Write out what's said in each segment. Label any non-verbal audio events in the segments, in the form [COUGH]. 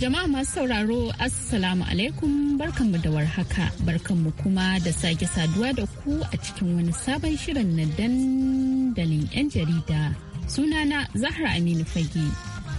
Jama'a masu sauraro Assalamu alaikum barkanmu da warhaka barkanmu kuma da sake saduwa da ku a cikin wani sabon shirin na dandalin 'yan jarida. Sunana Zahra Aminu Fage.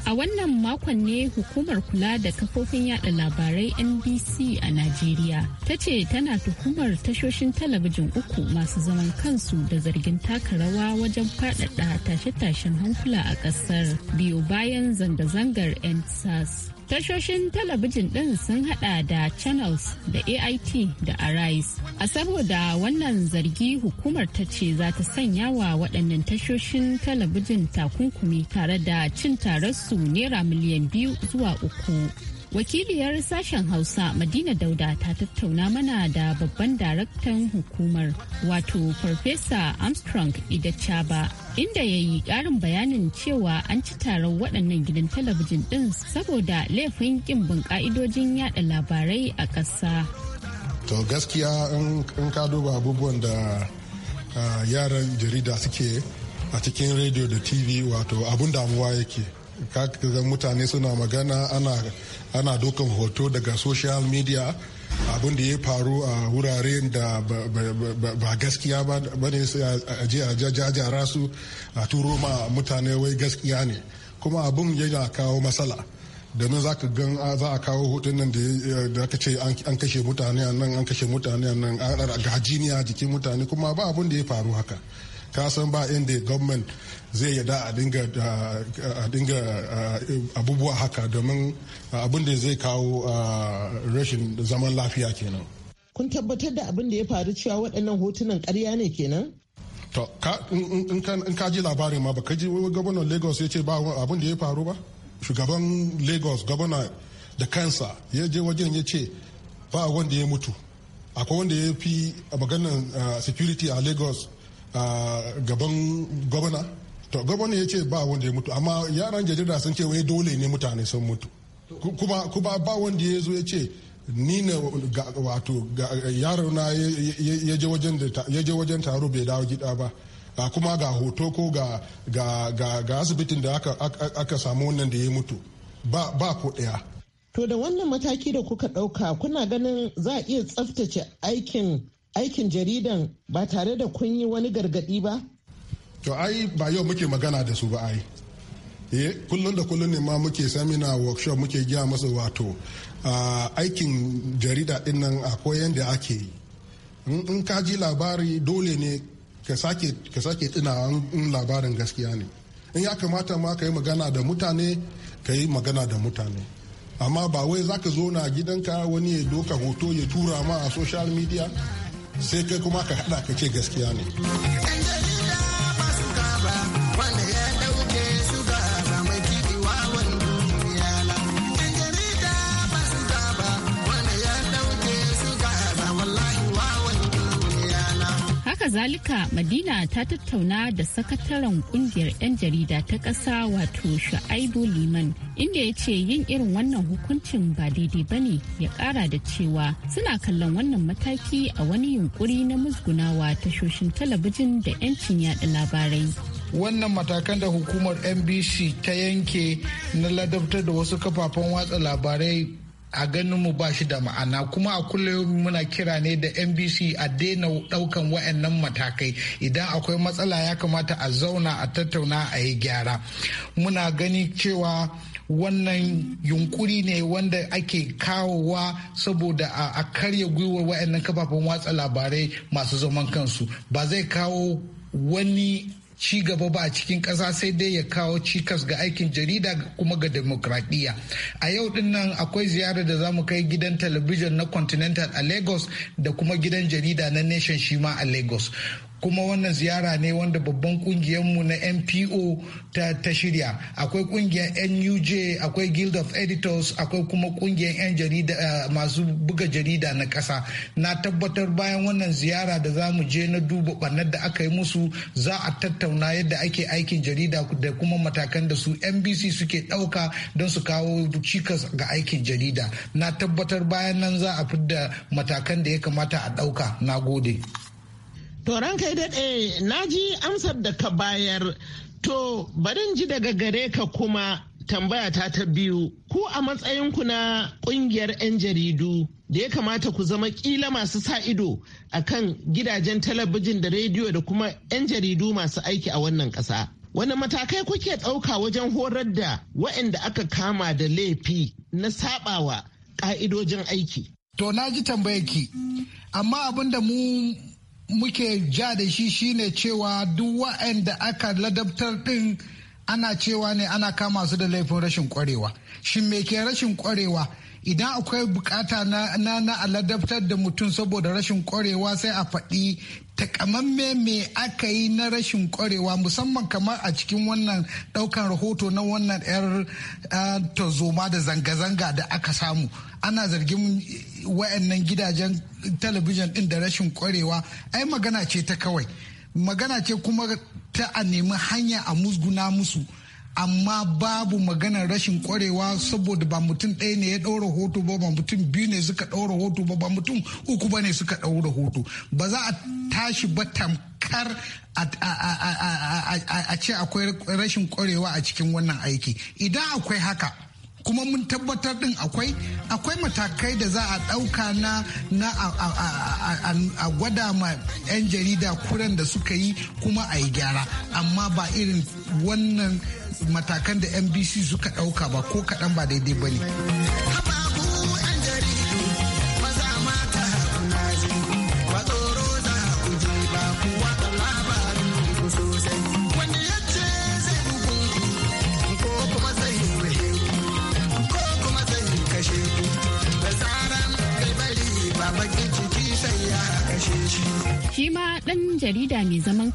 A wannan makon ne hukumar kula da kafofin yada labarai NBC a Najeriya ta ce tana tuhumar tashoshin talabijin uku masu zaman kansu da zargin taka rawa wajen faɗaɗa tashe-tashen hankula a ƙasar biyu bayan zanga-zangar nsas Tashoshin talabijin ɗin sun hada da Channels da AIT da Arise. A saboda wannan zargi hukumar ta ce za ta sanya wa waɗannan tashoshin talabijin takunkumi tare da cin tararsu naira miliyan biyu zuwa uku. wakiliyar sashen hausa madina dauda ta tattauna mana da babban daraktan hukumar wato farfesa armstrong ida chaba inda ya yi karin bayanin cewa an ci taron waɗannan gidan talabijin ɗin saboda laifin ƙin bin ƙa'idojin yada labarai a ƙasa to gaskiya in ka duba abubuwan da ah, yaran jarida suke a cikin rediyo da tv wato abun damuwa yake kaga mutane suna magana ana ana dokan hoto daga social media abin da ya faru a wurare da ba gaskiya ba ne a je a jajara su a turo ma mutane wai gaskiya ne kuma abin yana kawo matsala domin za ka gan za a kawo hoton nan da aka ce an kashe mutane a nan an kashe mutane a nan a gajiniya jikin mutane kuma ba abin da ya faru haka ka san ba inda gwamnati zai yada a dinga a dinga abubuwa haka domin abin da zai kawo rashin zaman lafiya kenan kun tabbatar da abin da ya faru cewa waɗannan hotunan ƙarya ne kenan to in ka ji labarin ma baka ji gwamnan lagos ya ce ba abin da ya faru ba shugaban lagos gwamna da kansa ya je wajen ya ce ba wanda ya mutu akwai wanda ya fi maganar security a lagos gaban gwamna to gwamna ya ce ba wanda ya mutu amma yaran jarida sun ce wai dole ne mutane sun mutu kuma kuma ba wanda ya zo ya ce ni ne wato yaro na ya je wajen taro bai dawo gida ba kuma ga hoto ko ga asibitin da aka samu wannan da ya mutu ba ko daya to da wannan mataki da kuka dauka kuna ganin za a iya tsaftace aikin aikin jaridan ba tare da kun yi wani gargadi ba to ai ba yau muke magana da su ba ai eh kullun da kullun ne ma muke samina workshop muke gya masa wato aikin jarida din nan koyan da ake yi in ka ji labari dole ne ka sake tunawa in labarin gaskiya ne in ya kamata ma ka yi magana da mutane ka yi magana da mutane amma ba wai za ka zo na gidanka wani ya doka hoto ya tura ma a social media sai kai kuma ka hada ka ce gaskiya ne. kazalika Madina ta tattauna da sakataren kungiyar 'yan jarida ta ƙasa wato Sha'aibu Liman inda ya ce yin irin wannan hukuncin ba daidai ba ne ya ƙara da cewa suna kallon wannan mataki a wani yunkuri na musgunawa tashoshin talabijin da 'yancin yada labarai. wannan matakan da hukumar nbc ta yanke na ladabtar da wasu kafafen watsa labarai a ganin mu ba shi da ma'ana kuma a kullum muna kira ne da NBC a daina daukan wayannan matakai idan akwai matsala ya kamata a zauna a tattauna a yi gyara muna gani cewa wannan yunkuri ne wanda ake kawowa saboda a karya gwiwar wayannan kafafen watsa labarai masu zaman kansu ba zai kawo wani ci gaba ba a cikin ƙasa sai dai ya kawo cikas ga aikin jarida kuma ga demokradiyya a yau din nan akwai ziyarar da za mu kai gidan talabijin na continental a lagos da kuma gidan jarida na nation shima a lagos kuma wannan ziyara ne wanda babban mu na npo ta, ta shirya akwai kungiyar nuj akwai guild of editors akwai kuma kungiyar 'yan jarida eh, masu buga jarida na kasa na tabbatar bayan wannan ziyara da za mu je na duba ɓannar da aka yi musu za a tattauna yadda ake aikin jarida da kuma matakan da su nbc suke ɗauka don su kawo cikas ga aikin jarida na tabbatar bayan nan za a fidda matakan da ya kamata a ɗauka na gode To kai daɗe na ji amsar da ka bayar to barin ji daga gare ka kuma tambaya ta ta biyu ku a matsayinku na ƙungiyar 'yan jaridu da ya kamata ku zama ƙila masu sa ido a kan gidajen talabijin da rediyo da kuma 'yan jaridu masu aiki a wannan ƙasa. Wani matakai kuke ɗauka wajen horar da waɗanda aka kama da laifi na saɓawa ƙa'idojin aiki? To na ji tambayarki, amma abin da mu muke ja da shi shine cewa duk wa'anda aka ladabtar din ana cewa ne ana kama su da laifin rashin kwarewa shin me ke rashin kwarewa idan akwai bukata na na aladabtar da mutum saboda rashin kwarewa sai a faɗi takamamme me aka yi na rashin kwarewa musamman kamar a cikin wannan ɗaukan rahoto na wannan 'yar tazoma da zanga-zanga da aka samu ana zargin wayannan gidajen talabijin ɗin da rashin kwarewa ai magana ce ta kawai magana ce kuma ta a nemi hanya a musguna musu amma babu maganar rashin kwarewa saboda ba mutum ɗaya ne ya ɗaura hoto ba ba mutum biyu ne suka ɗaura hoto ba ba mutum uku ba ne suka ɗaura hoto ba za a tashi ba tamkar a ce akwai rashin kwarewa a cikin wannan aiki idan akwai haka kuma mun tabbatar din akwai akwai matakai da za a ɗauka na a gwada ma 'yan jarida kuren da suka yi kuma a yi gyara amma ba irin wannan matakan da mbc suka ɗauka ba ko kaɗan ba daidai ba ne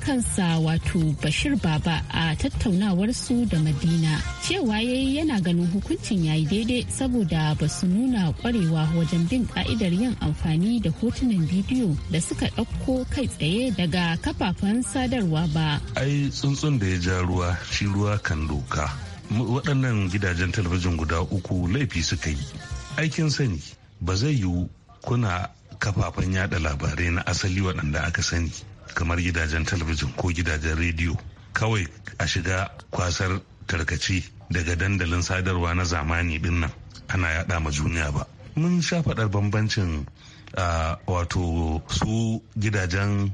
kansa wato Bashir Baba a tattaunawar su da Madina cewa ya yi yana ganin hukuncin ya yi daidai saboda ba su nuna kwarewa wajen bin ka'idar yin amfani da hotunan bidiyo da suka ɗauko kai tsaye daga kafafen sadarwa ba. Ai tsuntsun da ya ja ruwa shi ruwa kan doka. Waɗannan gidajen talabijin guda uku laifi suka yi. Aikin sani ba zai yiwu kuna kafafen yada labarai na asali waɗanda aka sani kamar gidajen talabijin ko gidajen rediyo kawai a shiga kwasar tarkaci daga dandalin sadarwa na zamani dinnan ana yada ma juniya ba mun sha faɗar bambancin wato su gidajen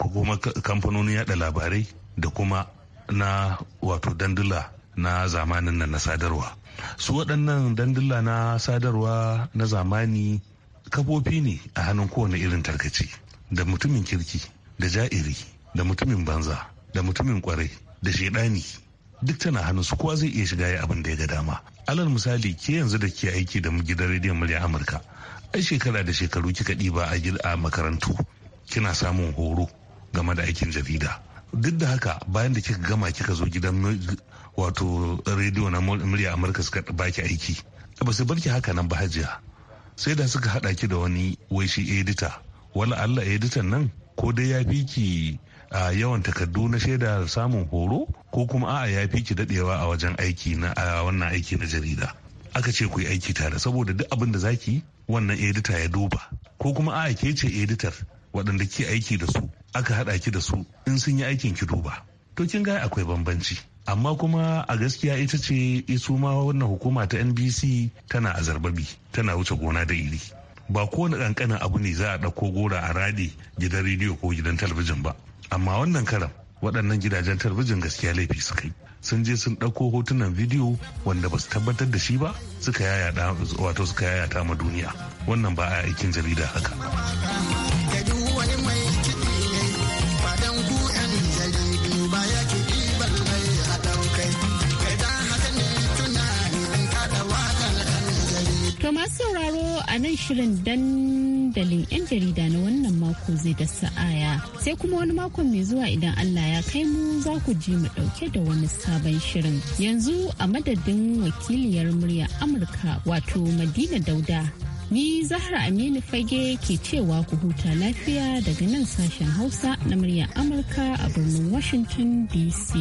kuma kamfanonin yada labarai da kuma na wato dandula na zamanin nan na sadarwa su waɗannan dandula na sadarwa na zamani kafofi ne a hannun kowane irin tarkaci da mutumin kirki da ja'iri da mutumin banza da mutumin kwarai da shaidani duk tana hannu su kowa zai iya shiga ya abin da ya ga dama alal misali ke yanzu da ke aiki da gidan rediyon murya amurka ai shekara da shekaru kika ɗiba a a makarantu kina samun horo game da aikin jarida duk da haka bayan da kika gama kika zo gidan wato rediyo na murya amurka suka baki aiki ba su barki haka nan ba hajiya sai da suka haɗa ki da wani wai shi edita wala allah editan nan ko dai ya fi ki a yawan takardu na shaida samun horo ko kuma a'a ya fi ki dadewa a wajen aiki na wannan aiki na jarida aka ce ku yi aiki tare saboda duk abin da zaki wannan edita ya duba ko kuma a'a ke ce editar waɗanda ke aiki da su aka haɗa ki da su in sun yi aikin ki duba to kin ga akwai bambanci amma kuma a gaskiya ita ce isu ma wannan hukuma ta nbc tana azarbabi tana wuce gona da iri ba kowane kankanin abu ne za a ɗauko gora a radi gidan rediyo ko gidan talabijin ba amma wannan karam waɗannan gidajen talabijin gaskiya laifi suka yi sun je sun ɗauko hotunan bidiyo wanda ba su tabbatar da shi ba suka yayata wato suka yayata ma duniya wannan ba a aikin jarida haka. nan shirin dandalin 'yan jarida na wannan mako zai da sa'aya sai kuma wani mako mai zuwa idan Allah ya kai mu za ku ji mu ɗauke da wani sabon shirin yanzu a madadin wakiliyar murya Amurka wato Madina Dauda Ni Zahra Aminu Fage ke cewa ku huta lafiya daga nan sashen Hausa na murya Amurka a birnin Washington DC.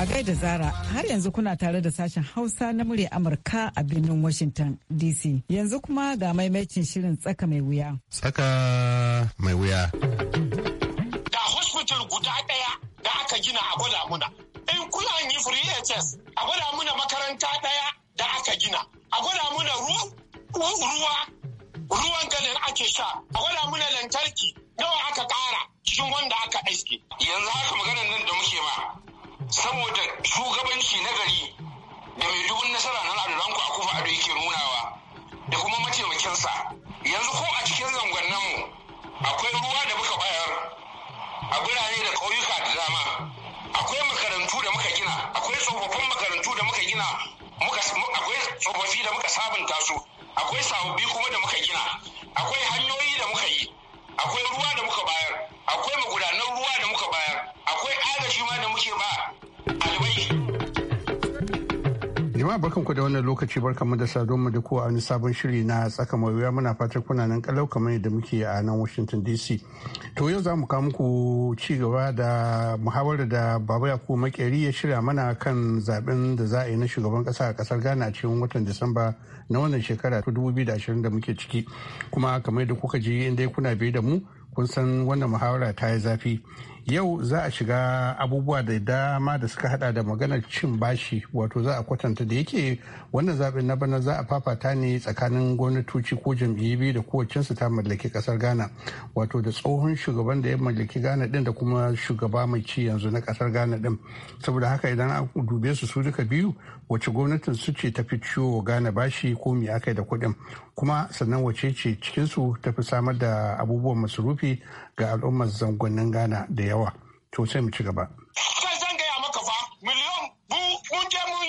A gaida Zara, har yanzu kuna tare da sashen Hausa na murya Amurka a birnin Washington DC. Yanzu kuma ga maimacin shirin tsaka mai wuya. Tsaka mai wuya. Ga hospital guda ɗaya da aka gina a gwada muna. In kula yi free HS, a gwada muna makaranta ɗaya da aka gina. A gwada muna ruwa ruwan ganin ake sha a gwada muna lantarki nawa aka ƙara cikin wanda aka aiske. yanzu haka maganar nan da muke ma saboda shugabanci na gari da mai dubun nasara na alranku a kufa ado yake nunawa da kuma mataimakinsa yanzu ko a cikin zangonnan mu akwai ruwa da muka bayar a birane da ƙauyuka da dama akwai makarantu da muka gina akwai tsofaffin makarantu da muka gina akwai tsofaffi da muka sabunta su akwai sababbi kuma da muka gina akwai hanyoyi da muka yi akwai ruwa da muka bayar akwai magudanan ruwa da muka bayar akwai agashi ma da muke ba albai jama'a barkanku da wannan lokaci barkanmu da mu da kowa wani sabon shiri na tsaka mawuya muna fatar kuna nan kalau kamar yadda muke a nan washington dc To yau za mu kawo muku ci gaba da muhawarar da Baba Yakubu Makeri ya shirya mana kan zaben da za a yi na shugaban kasa a kasar Ghana a cikin watan Disamba na wannan shekara ta 2020 da ashirin da muke ciki. Kuma kamar da kuka ji inda kuna biye da mu kun san wannan muhawara ta yi zafi. yau za a shiga abubuwa da dama da suka hada da maganar cin bashi wato za a kwatanta da yake wannan zaɓen na bana za a fafata ne tsakanin gwamnatoci ko jam'iyyu biyu da kowacensu ta mallaki ƙasar ghana wato da tsohon shugaban da ya mallaki ghana din da kuma shugaba mai ci yanzu na ƙasar ghana din saboda haka idan a dube su su duka biyu wace gwamnatin su ce ta fi ciwo gane bashi ko me aka da kuɗin kuma sannan wace ce cikinsu ta fi samar da abubuwan masurufi ga al'ummar zangonin gana da yawa to sai mu ci gaba. zan gaya maka fa mun je mun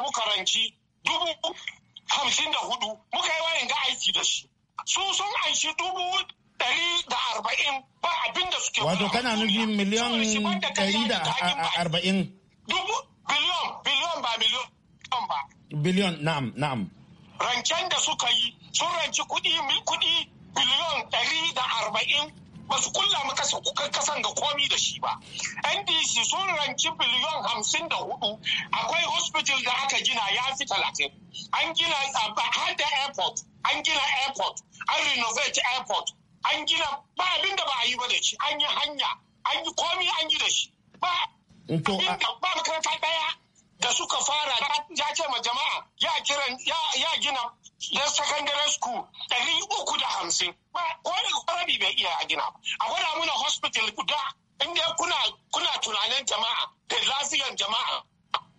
muka ranci aiki da su sun dubu wato kana nufin miliyon ɗari da arba'in biliyon na'am na'am rancen da suka yi sun ranci kuɗi kuɗi biliyon ɗari da arba'in ba su kulla maka kuka kasan ga komi da shi ba ndc sun ranci biliyon hamsin da hudu akwai hospital da aka gina ya fi talatin an gina har da airport an gina airport an renovate airport an gina ba abin ba a yi ba da shi an yi hanya an yi komi an yi da shi ba ba suka fara ya ce ma jama'a ya kiran ya gina na secondary school ɗari uku da hamsin ba kwarabi bai iya a gina a gwada muna hospital guda inda kuna kuna tunanin jama'a da lafiyan jama'a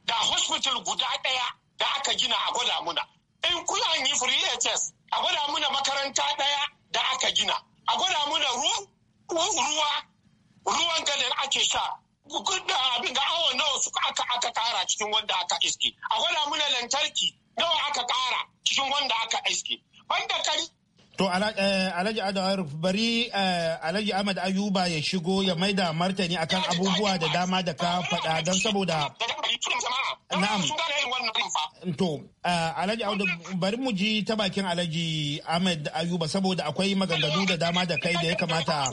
da hospital guda ɗaya da aka gina a gwada muna in kuna yi free hs a gwada muna makaranta ɗaya da aka gina a gwada muna ruwa ruwan ganin ake sha kudin abin ga awo oh nawa suka aka aka kara cikin wanda aka iske a gwada muna lantarki nawa aka kara cikin wanda aka iske banda kari To eh, Alhaji Adawar bari eh, Alhaji Ahmad Ayuba ya shigo ya maida martani akan abubuwa da dama da ka faɗa don saboda Na'am. To eh, Alhaji Audu bari mu ji ta bakin Alhaji Ahmad Ayuba saboda akwai maganganu da dama da kai da ya kamata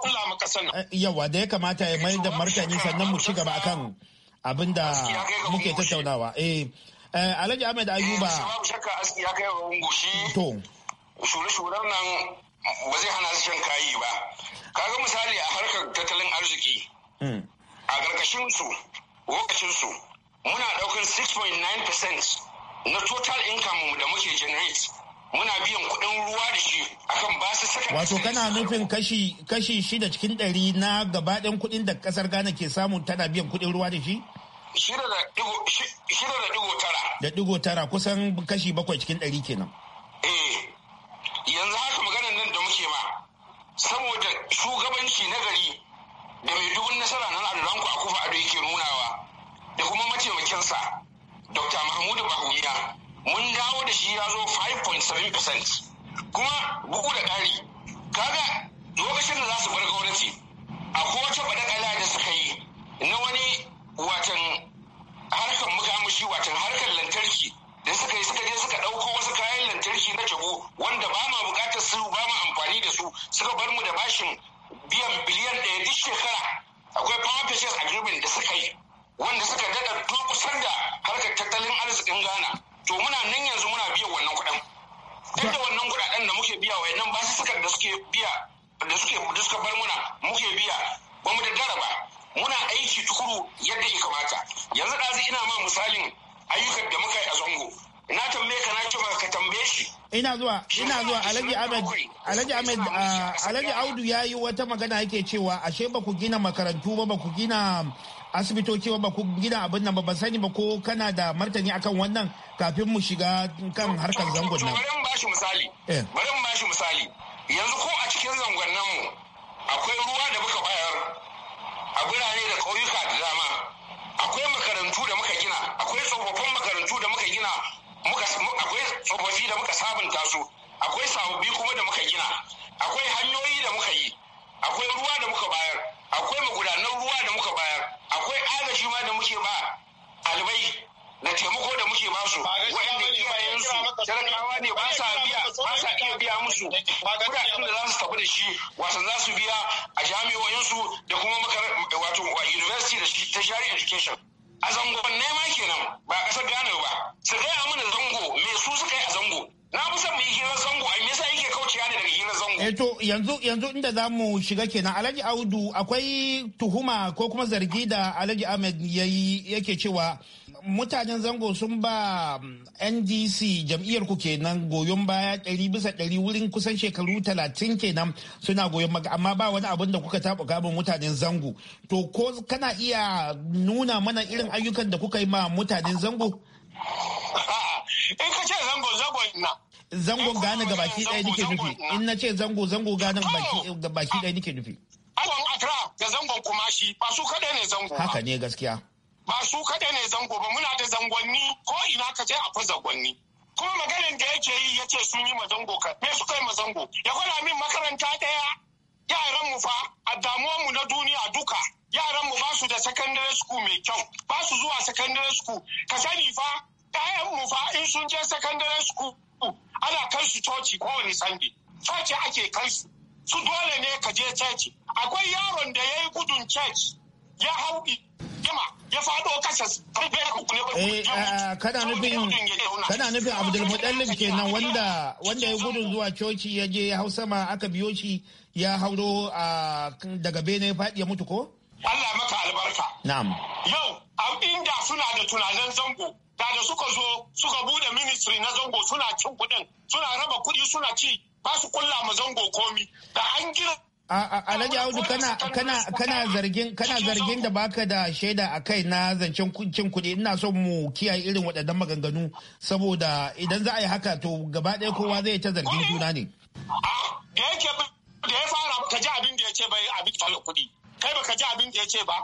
kula nan eh, yawa da ya kamata ya mai da martani sannan mu ci gaba akan abin da muke tattaunawa eh, eh Alhaji Ahmed eh, Ayuba shakka aski ya kai wa to shure-shuren nan ba zai hana su shan kayi ba kaga misali a harkar tattalin arziki hmm. a ƙarƙashin su lokacin su muna ɗaukar 6.9% na total income da muke generate muna biyan kuɗin ruwa da shi akan ba su saka wato kana nufin kashi kashi shida cikin ɗari na gabaɗayan kuɗin da ƙasar Ghana ke samu tana biyan kuɗin ruwa da shi shida da digo tara da digo tara kusan kashi bakwai cikin ɗari kenan eh yanzu haka magana nan da muke ma saboda shugabanci na gari da mai dubun nasara nan adulanku a kufa ado yake nunawa da kuma mataimakinsa dr mahmudu bahumiya mun dawo da shi ya zo 5.7% kuma ina zuwa Alhaji Ahmed Alhaji Ahmed ah, Alhaji Audu ya yi wata magana yake cewa ashe ba ku gina makarantu ba ba ku gina asibitoci ba ku gina abin nan ba ban sani ba ko kana da martani akan wannan kafin mu shiga kan harkar zangon nan. Bari mu bashi misali. Eh. Bari mu bashi misali. Yanzu ko a cikin zangon nan mu akwai ruwa da muka bayar a birane da ƙauyuka da dama. Akwai makarantu da muka gina, akwai tsofaffin makarantu da muka gina, akwai tsofaffi da muka sabunta su. akwai sababbi kuma da muka gina akwai hanyoyi da muka yi akwai ruwa da muka bayar akwai magudanan ruwa da muka bayar akwai agaji ma da muke ba albai da taimako da muke ba basu waɗanda iyayensu talakawa ne ba sa biya ba sa iya biya musu kudaden da za su tafi da shi wasan za su biya a jami'o'insu da kuma wato university da ta Jari education a zango ma kenan ba a ƙasar Ghana ba su gaya mana zango me su suka yi a zango na fi son mu yi hirar zango a yasa yake kaucewa ne daga hirar zango eh, yanzu yanzu inda za mu shiga kenan alhaji audu akwai tuhuma ko kuma zargi da alhaji ahmed yayi yake cewa mutanen zango sun ba mm, ndc jam'iyyar ku kenan goyon baya ɗari bisa ɗari wurin kusan shekaru talatin kenan suna goyon maka amma ba wani abin da kuka taɓa gaban mutanen zango to ko kana iya nuna mana irin ayyukan da kuka yi ma mutanen zango [LAUGHS] in ka ce zango zango na zangon gane ga baki ɗaya nike nufi in na ce zango zango gane ga baki ɗaya nike nufi agon akra da zangon kumashi ba su kaɗai ne zango haka ne gaskiya ba su kaɗai ne zango ba muna da zangonni ko ina ka je akwai zangonni kuma maganin da yake yi ya ce sun yi mazango ka me suka yi mazango ya kwana min makaranta ɗaya yaran mu fa a damuwar mu na duniya duka yaran mu ba su da secondary school mai kyau ba su zuwa secondary school ka sani fa ɗayan mu fa in sun je secondary school ana kai su coci kowane sande coci ake kai su su dole ne ka je coci akwai yaron da ya yi gudun coci ya hau gima ya fado kasa eh, eh, kana nufin kana nufin abdulmutallib kenan wanda wanda ya gudun zuwa coci ya je ya hau sama aka biyo shi ya hauro ah, daga bene ya faɗi ya mutu ko Allah maka albarka na'am yau inda suna da tunanin zango da da suka zo suka bude ministry na zango suna cin kuɗin suna raba kuɗi suna ci ba su kulla ma zango komi da an gina Alhaji Audu kana kana kana zargin kana zargin da baka da shaida a kai na zancen cin kuɗi ina son mu kiyaye irin waɗannan maganganu saboda idan za a yi haka to gaba ɗaya kowa zai ta zargin juna ne. Da yake da ya fara ka ji abin da ya ce bai abin kuɗi kai baka ji abin da ya ce ba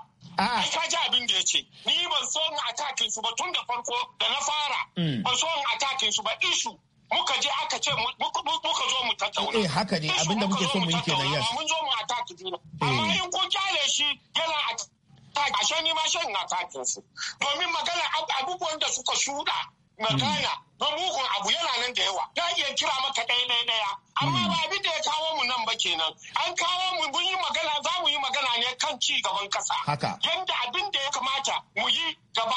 ka ji abin da ya ce, ni ban so in atakin su ba tun da farko da na fara, mm. ban so in atakin su ba isu muka je aka ce muka zo mu tattauna. Eh haka ne abinda muke so mu yi kenan yes. Mun zo mu ataki juna. Eh. Amma in ko kyale shi yana ataki ashe ni ma shan na takin su. Domin magana abubuwan da suka shuda makana ba mugun abu yana nan da yawa ta iya kira maka ɗaya ɗaya ɗaya amma hmm. ba abin da ya kawo mu nan ba kenan an kawo mu mun yi magana za mu yi magana ne kan ci gaban ƙasa haka yanda abin da ya kamata mu yi gaba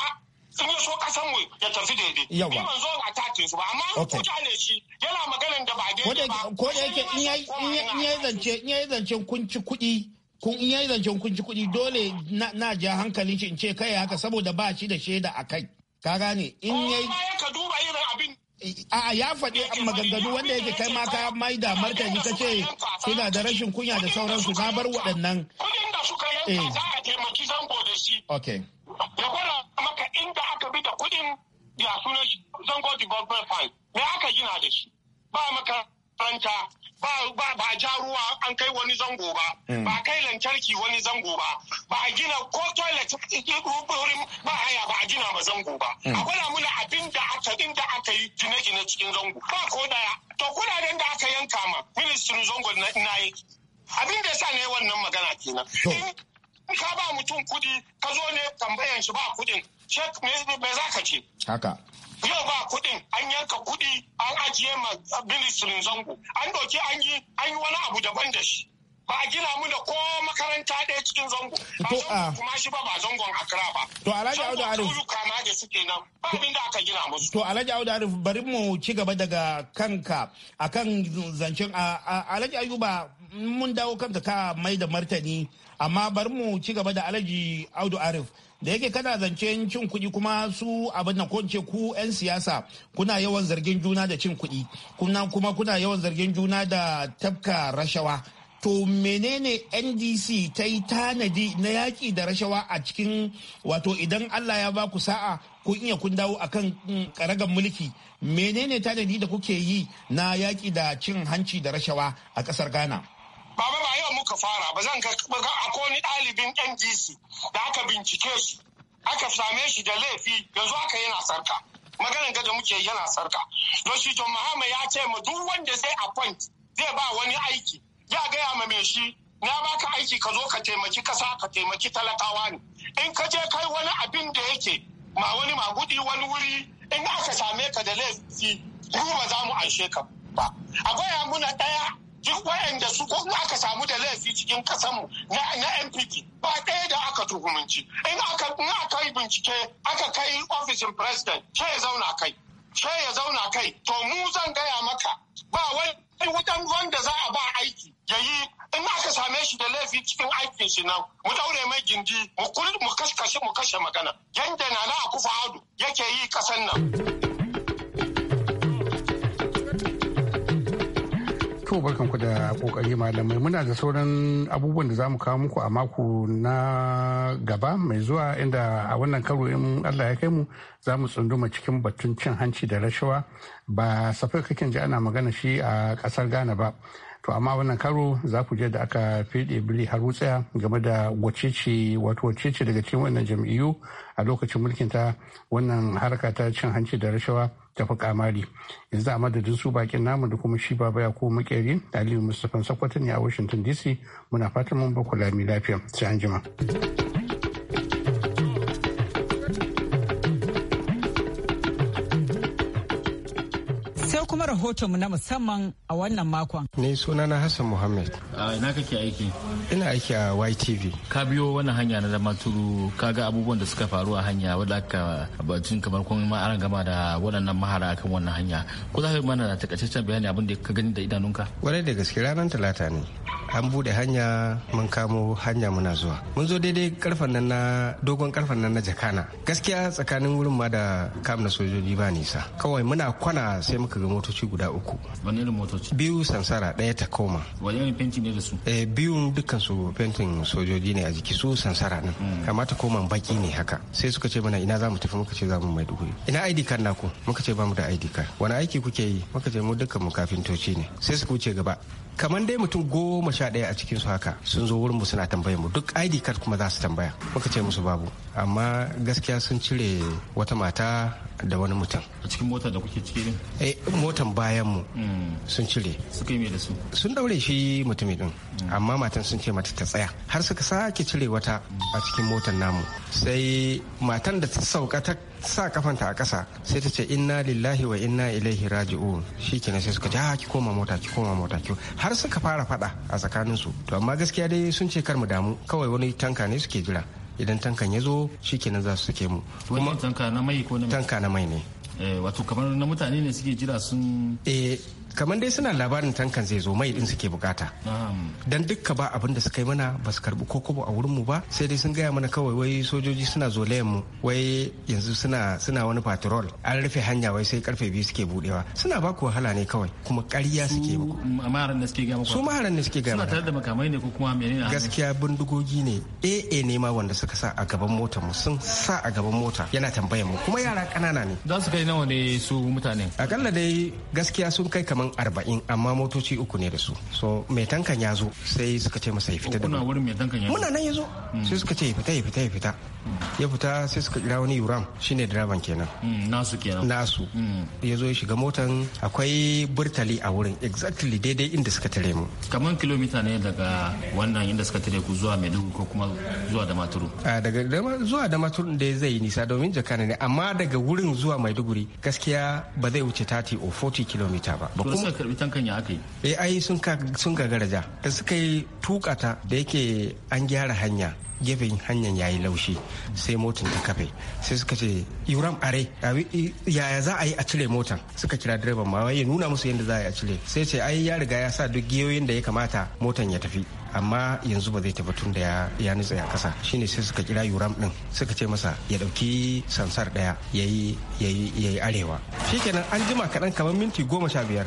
sun yi so kasan mu ya tafi daidai yawa ban zo a tace su ba amma ku ne shi yana maganan da ba daidai ba ko da yake in ya zance in ya zance kun ci kuɗi kun in yayi zancen kun ci kuɗi dole na ja hankalin shi in ce kai haka saboda ba shi da shaida a kai ka gane in yayi ka duba irin abin a ya faɗi maganganu wanda yake kai ma ka mai da martani ka ce suna da rashin kunya da sauransu na bar waɗannan kudin da suka yanka eh. za a taimaki zango da shi okay gwada maka inda aka bi da kudin da sunan zango development fund me aka gina da shi ba makaranta ba ba ba ja ruwa an kai wani zango ba hmm. ba kai lantarki wani zango ba ba gina ko toilet eh, eh, haya ba a gina ma zango ba mm. a gwada muna abin da aka yi gine-gine cikin zango ba ko daya to kudaden da aka yanka ma ministirin zango na yi abin da sa ne wannan magana kenan in ka ba mutum kuɗi, ka zo ne tambayan shi ba kudin shek me za ka ce haka yau ba kuɗin an yanka kuɗi an ajiye ma ministirin zango an doki an yi wani abu daban da shi ba a gina mu da ko makaranta ɗaya cikin zango ba zango ah. kuma shi ba ba zangon akra ba To Alhaji Audu Arif. da suke nan ba abin aka gina musu. To Alhaji Audu Arif bari mu ci gaba daga kanka akan zancen Alhaji Ayuba mun dawo kanka ka mai da martani amma bari mu ci gaba da Alhaji Audu Arif. da yake kana zancen cin kuɗi kuma su abin da kwance ku 'yan siyasa kuna yawan zargin juna da cin kuɗi kuma kuna yawan zargin juna da tafka rashawa to menene ndc ta yi tanadi na yaƙi da rashawa a cikin wato idan allah ya baku sa'a ko iya kun dawo a kan mm, karagar mulki menene tanadi da kuke yi na yaƙi da cin hanci da rashawa a kasar ghana Baba ba yau muka fara ba zan ga akwai ɗalibin ndc da aka bincike su aka same shi da laifi yanzu aka yana sarka maganin da muke yana sarka don shi john mahama ya ce ma duk wanda zai appoint zai ba wani aiki ya gaya ma mai shi na baka aiki ka zo ka taimaki kasa ka taimaki talakawa ne in ka je kai wani abin da yake ma wani magudi wani wuri in aka same ka da laifi ruba ba za mu anshe ka ba a akwai muna ɗaya duk wayanda su ko aka samu da laifi cikin mu na na NPP ba ɗaya da aka tuhumunci in aka in aka yi bincike aka kai ofishin president ce ya zauna kai ke ya zauna kai to mu zan gaya maka ba wani wutan ruwan da za a ba aiki ya yi in aka same shi da laifi cikin aikin shi nan mu daure mai gindi mu kashe mu kashe magana yanda na na kufa adu yake yi kasan nan. To ku da kokari malamai muna da sauran abubuwan da za mu kawo muku a mako na gaba mai zuwa inda a wannan karo in Allah ya kai mu za mu tsunduma cikin batun cin hanci da rashawa ba safai kakin ji ana magana shi a kasar Ghana ba. To amma wannan karo za ku je da aka fiɗe bili har wutsaya game da wacece wato wacece daga cikin wannan jam'iyyu a lokacin mulkin ta wannan harka ta cin hanci da rashawa tafi kamari yanzu a madadin su bakin namu da kuma shi baba ya ko makeri aliyu mustapha sakwato ne a washington dc muna fatan mun ba ku lami lafiya sai anjima. mu na musamman a wannan makon. Ni sunana Hassan Muhammad. A ina kake aiki? Ina aiki a YTV. Ka biyo wannan hanya na zama turu ka ga abubuwan da suka faru a hanya wadda aka batun kamar kun ma an gama da waɗannan mahara akan wannan hanya. Ko za ka yi mana da takaitaccen bayani abin da ka gani da idanunka? Kwarai da gaske ranar talata ne. an bude hanya mun kamo hanya muna zuwa mun zo daidai karfan nan na dogon karfan nan na jakana gaskiya tsakanin wurin ma da kam na sojoji ba nisa kawai muna kwana sai muka ga motoci guda uku wani irin motoci biyu sansara daya ta koma wani irin fenti ne da su eh biyun dukkan su fentin sojoji ne a jiki su sansara nan hmm. amma ta koma baki ne haka sai suka ce mana ina za mu tafi muka ce za mu maiduguri ina id card naku muka ce ba mu da id card wani aiki kuke yi muka ce mu dukkan mu kafintoci ne sai suka wuce gaba kamar dai mutum goma sha ɗaya a cikin su haka sun zo wurin mu suna tambayar mu duk id card kuma za su tambaya muka ce musu babu amma gaskiya sun cire wata mata da wani mutum a cikin mota da kuke ciki ne eh motan bayan mu hmm. sun cire suka yi da su sun daure shi mutumin din amma matan sun ce mata ta tsaya har suka sake cire wata a cikin motan namu sai matan da ta sauka ta sa kafanta a ƙasa sai ta ce inna lillahi wa inna ilaihi raji'un ke sai suka ce ah, ki koma mota ki koma mota ki har suka fara fada a tsakanin su to amma gaskiya dai sun ce kar mu damu kawai wani tanka ne suke jira idan tankan ya zo shi shikenan za su sake mu tanka na mai ko na na mai ne eh, wato kamar na mutane ne suke jira sun eh kamar dai suna labarin tankan zai zo mai din suke bukata dan dukka ba abin da suka yi mana ba su karbi kokobo a wurin mu ba sai dai sun gaya mana kawai wai sojoji suna zolayen mu wai yanzu suna suna wani patrol an rufe hanya wai sai karfe biyu suke budewa suna ba ku wahala ne kawai kuma ƙarya suke ba su maharan ne suke gaya suna tare da makamai ne ko kuma menene gaskiya bindigogi ne AA ne ma wanda suka sa a gaban mota mu sun sa a gaban mota yana tambayar mu kuma yara kanana ne za su kai nawa ne su mutane akalla dai gaskiya sun kai kamar kaman arba'in amma motoci uku ne da su so mai tankan ya zo sai suka ce masa ya fita da wurin muna nan ya zo hmm. sai suka ce ya fita ya fita ya fita ya fita sai suka kira wani uram shine direban kenan hmm, nasu kenan nasu hmm. ya zo ya shiga motan akwai burtali a wurin exactly daidai inda suka tare mu kaman kilomita ne daga wannan inda suka tare ku zuwa maiduguri ko kuma zuwa da maturu daga zuwa da maturu da zai yi nisa domin jakana ne amma daga wurin zuwa maiduguri gaskiya ba zai wuce 30 o 40 kilomita ba kuma suka karbi yi eh, ai sun gagaraja da suka yi tukata da yake an gyara hanya gefen hanyar yayi laushi sai motan ta kafe sai suka ce yuram are yaya za a yi a cire motan suka kira direban ma ya nuna musu yadda za a yi a cire sai ce ai ya riga ya sa duk giyoyin da ya kamata motan ya tafi amma yanzu ba zai tafi tun da ya nutsa a kasa shine sai suka kira yuram din suka ce masa ya dauki sansar daya yayi yayi yayi arewa shikenan an jima kaɗan kamar minti goma sha biyar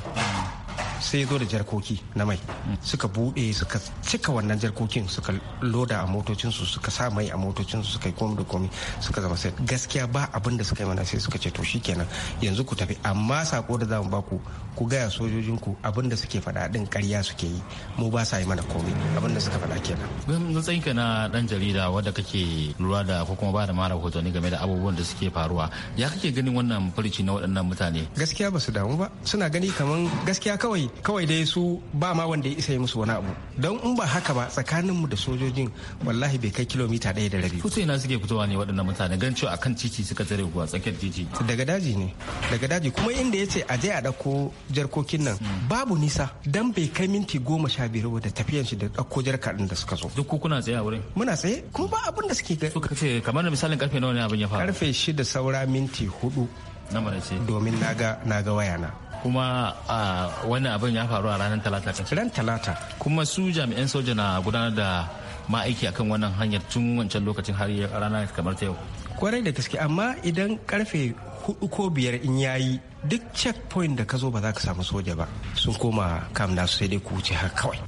sai ya zo da jarkoki na mai suka bude suka cika wannan jarkokin suka loda a motocinsu suka sa mai a motocinsu suka yi komi da komi suka zama sai gaskiya ba abinda suka yi mana sai suka ce to kenan yanzu ku tafi amma sako da zamu baku ku gaya sojojinku abin da suke faɗa din ƙarya suke yi mu ba sa yi mana komai abin da suka faɗa kenan. matsayin ka na dan jarida wadda kake lura da ko kuma ba da mara hotoni game da abubuwan da suke faruwa ya kake ganin wannan furici na waɗannan mutane. gaskiya ba su damu ba suna gani kaman gaskiya kawai kawai dai su ba ma wanda ya isa yi musu wani abu don in ba haka ba tsakanin tsakaninmu da sojojin wallahi bai kai kilomita ɗaya da rabi. kusa ina suke fitowa ne waɗannan mutane gan cewa akan titi suka tare kuwa tsakiyar titi. daga daji ne daga daji kuma inda ya ce a je a ɗauko jarkokin nan hmm. babu nisa dan bai kai minti goma sha biyar da tafiyan shi da ɗauko jarkar da suka zo. Duk ku kuna tsaye a wurin? Muna tsaye kuma ba abin da suke gani. Suka ce kamar da misalin karfe nawa ne abin ya faru? Karfe shida saura minti hudu. Na marace. Domin naga naga wayana. kuma a wannan abin ya faru a ranar talata ran talata kuma su jami'an soja na gudanar da ma'aiki akan wannan hanyar tun wancan lokacin har ranar kamar ta yau kwarai da gaske amma idan karfe hudu ko biyar in yayi duk checkpoint da ka zo ba za ka samu soja ba sun koma kam nasu sai dai ku wuce har kawai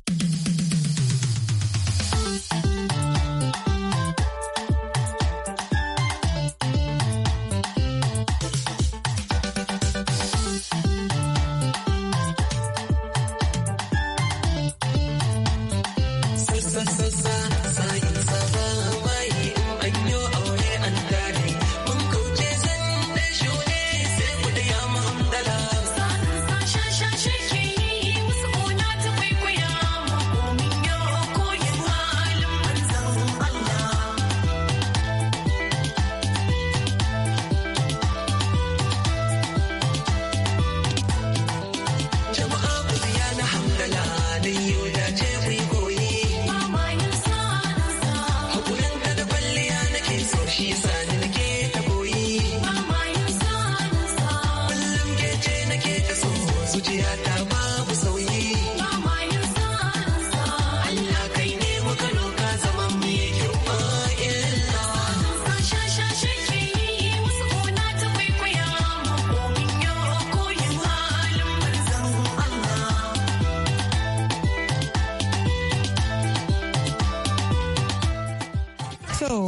sasa.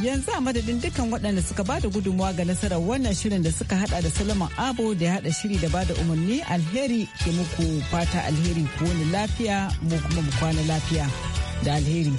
yanzu a madadin dukkan waɗanda suka ba da gudunmawa ga nasarar wannan shirin da suka hada da saloman Abo da ya hada shiri da ba da umarni alheri ke muku fata alheri ko wani lafiya mu kuma mu kwana lafiya da alheri.